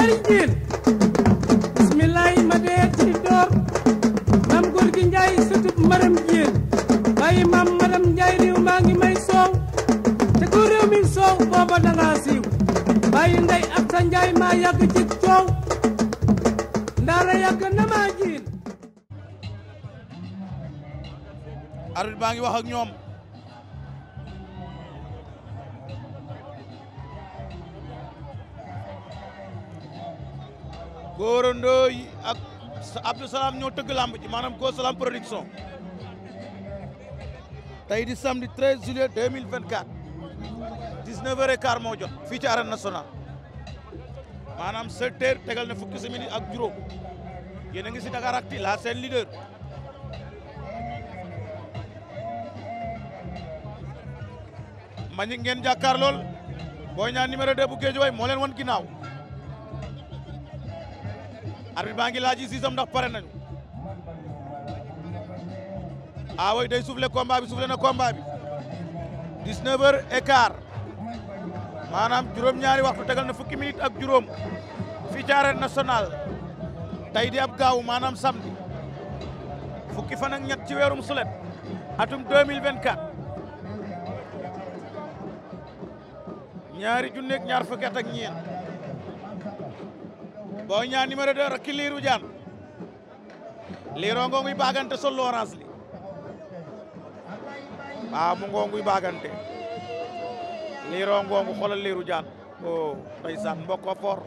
alal jiin bismillaay ma dee ci door maam góor gi njaay sëtub maram jiin bàyyi maam maram njaay réew maa ngi may soow te ko mi soow booba danga siiw bàyyi ndey ak njaay maa yàgg ci coow ndaara yàgg na maa jiin arbitre baa ngi wax ak ñoom Gora Ndoye ak Abdou Salam ñoo tëgg lamb ji maanaam Gora salaam production tey di samedi 13 juillet 2024 19h15 moo jot fii ci arène nationale maanaam sept heures tegal na fukki simili ak juróom yéen a ngi si Dakaractu la seen leader. Mbagnick ngeen jàkkaar lool Boy Niang numéro 2 bu Guédiawaye moo leen wan ginnaaw. arbitre baa ngi laaj siisam ndax pare nañu ah way day soufflé combat bi soufflé na combat bi 19 heures et quart maanaam juróom-ñaari waxtu tegal na fukki minutes ak juróom fii ci arène nationale tey di ab gaaw maanaam samedi fukki fan ak ci weerum sulet atum 2024 ñaari junneeg ñaar fukki at ak ñeent Boy Niang numéro 2 rakki Lirou Diane Lirou ngonguy li waaw mu ngonguy bagante Lirou ngongu xoolal Lirou Diane o oh, ndeysaan mbokko foor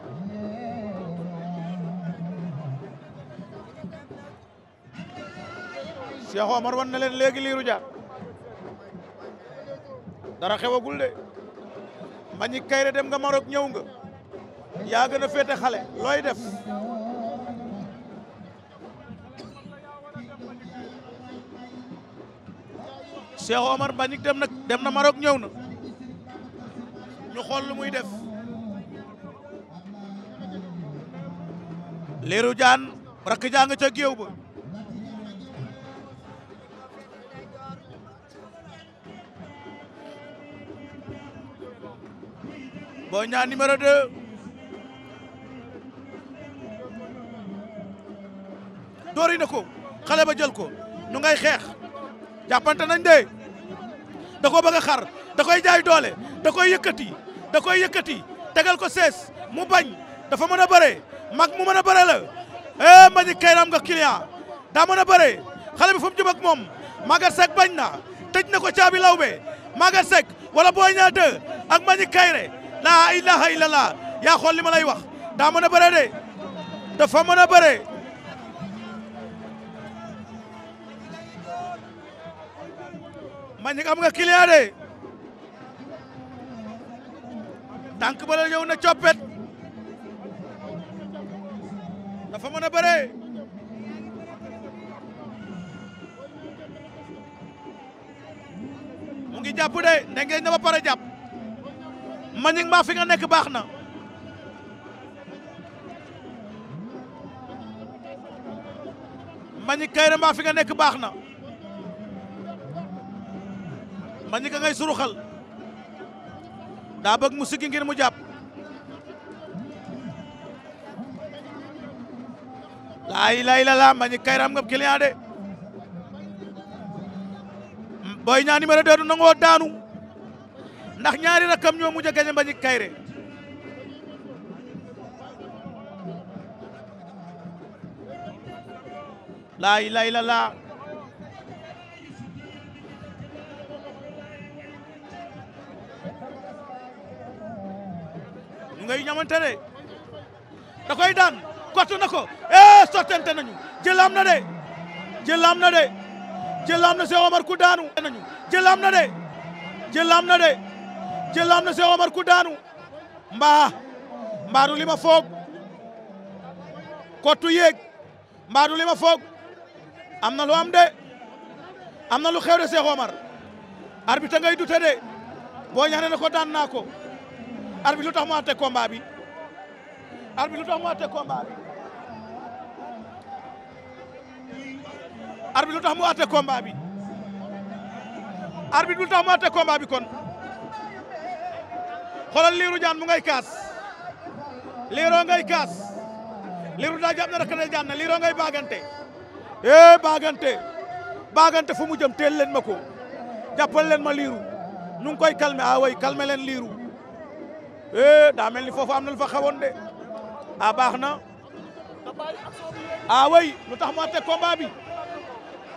Cheikh Omar leen léegi Lirou Diane dara xewagul de Mbagnick Kaïré dem nga Maroc ñëw nga yaa gën a féete xale looy def Cheikh Omar dem na dem na ñëw na ñu xool muy def Lirou Diane rakk jaa nga ca géew ba Boy Niang numéro dori na ko xale ba jël ko nu ngay xeex jàppante nañ de da koo bëgg a xar da koy jaay doole da koy yëkkati da koy yëkkati tegal ko sees mu bañ dafa mën a bëree mag mu mën a bëree la eh Mbagnick Kaïré am nga client daa mën a bëree xale bi fu mu jëm ak moom magar Seck bañ na tëj na ko caabi lawbe magar Seck wala Boy Niang 2 ak ma Mbagnick Kaïré la ilaha illallah yaa xool li ma lay wax daa mën a bëree de dafa mën a bëree Mbagnick am nga client de tànk ba la na coppet dafa mën a bëree mu ngi jàpp de ne ngeen na ba pare jàpp Mbagnick mbaa fi nga nekk baax na Mbagnick Kaïré mbaa fi nga nekk baax na bañ ka ngay suruxal daa bëgg mu siggi ngir mu jàpp laay lay la la mbañik kay ram nga client de Boy Niang numéro 2 du nangoo daanu ndax ñaari rakam ñoo mujj a gañe mbañik kayre laay laay la la xamante ne da koy daan eh, sottante nañu jëlaam na de jëlaam na de jëlaam na Cheikh Omar ku daanu nañu jëlaam na daanu mbaa mbaa du li ma foog kottu yéeg mbaa du li ma foog am na lu am de am na lu xew de bi Omar arbitre ngay dute de boo ñaanee na ko daan naa ko Arbi lu tax mu àtte combat bi Arbi lu tax mu àtte combat bi arbitre lu tax combat bi Arbi lu tax mu combat bi kon xoolal liru jaan mu ngay kaas liiroo ngay kaas liiru daa jàpp ne rek ne jaan na ngay bagan te, eh, baagante baagante fu mu jëm teel leen ma ko jàppal leen ma liru ñu koy calmer ah way calmer len eh daa mel ni foofu am na lu fa xawoon de a ah, baax na a ah, way lu tax mu atte combat bi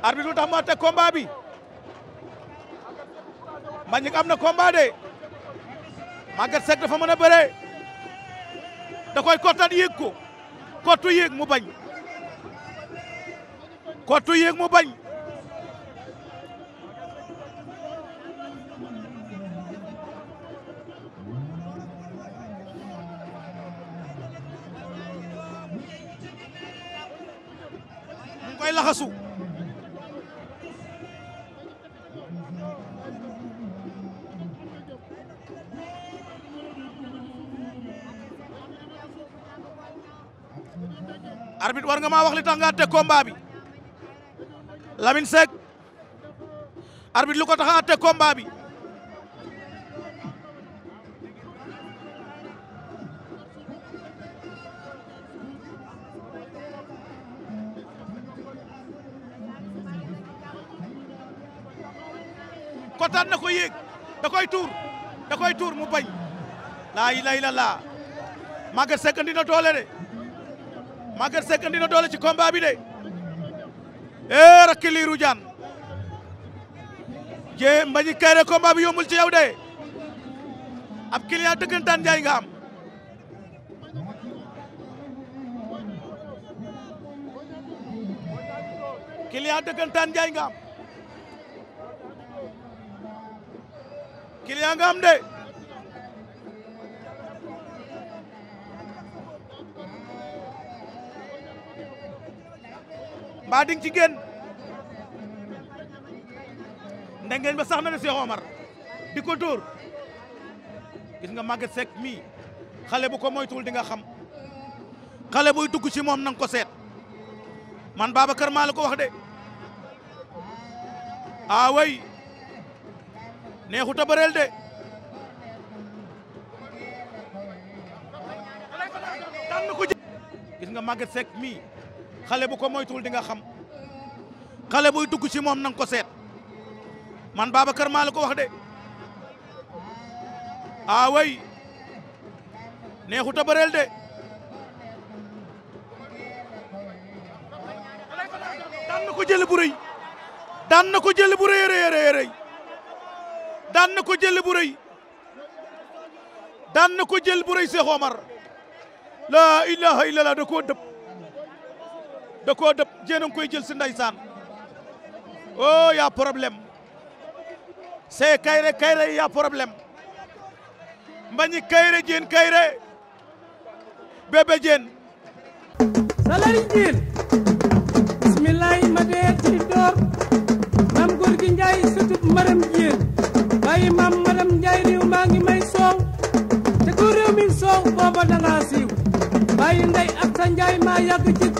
arbitre lu tax mu ko combat bi Mbagnick am na combat de Maguette Seck dafa mën a bëree da koy kottat yéeg ko kottu yéeg mu bañ kottu yéeg mu bañ koy laxasu arbitre war nga ma wax li tax nga atte combat bi Lamine Seck lu ko tax a atte combat bi kontaan na ko yéeg da tuur da tuur mu bañ laa ilaha illallah Maguette Seck andi na doole de Maguette Seck andi doole ci combat bi de ee eh, rakki liiru jaan jee mbañi kayre combat bi ci yow de ab client dëggantaan njaay nga am client dëggantaan njaay nga client nga am de mbaa ding ci génn ndengeen ba sax na ne Cheikh Omar di ko dóor gis nga Maguette sek mi xale bu ko moytuwul di nga xam xale buy dugg ci moom nang ko seet man Babacar maa la ko wax de ah neexut a de tànn ko gis nga Maguette Seck mii xale bu ko moytuwul di nga xam xale buy dugg ci moom nang ko seet man Babacar maa la ko wax de ah way neexut a bëreel de daan na ko jël bu rëy na ko jël bu rëy rëy daan na ko jël bu rëy daan na ko jël bu rëy Cheikh Omar dëpp da dëpp jéen a ngi koy jël si ndeysaan oh y'a problème c'est Kayre Kayre y'a problème mbañi Kayre jéen Kayre bébé jéen salari jéen bismillahi ma dee ci door maam góor gi Njaay sëtub yàgg ci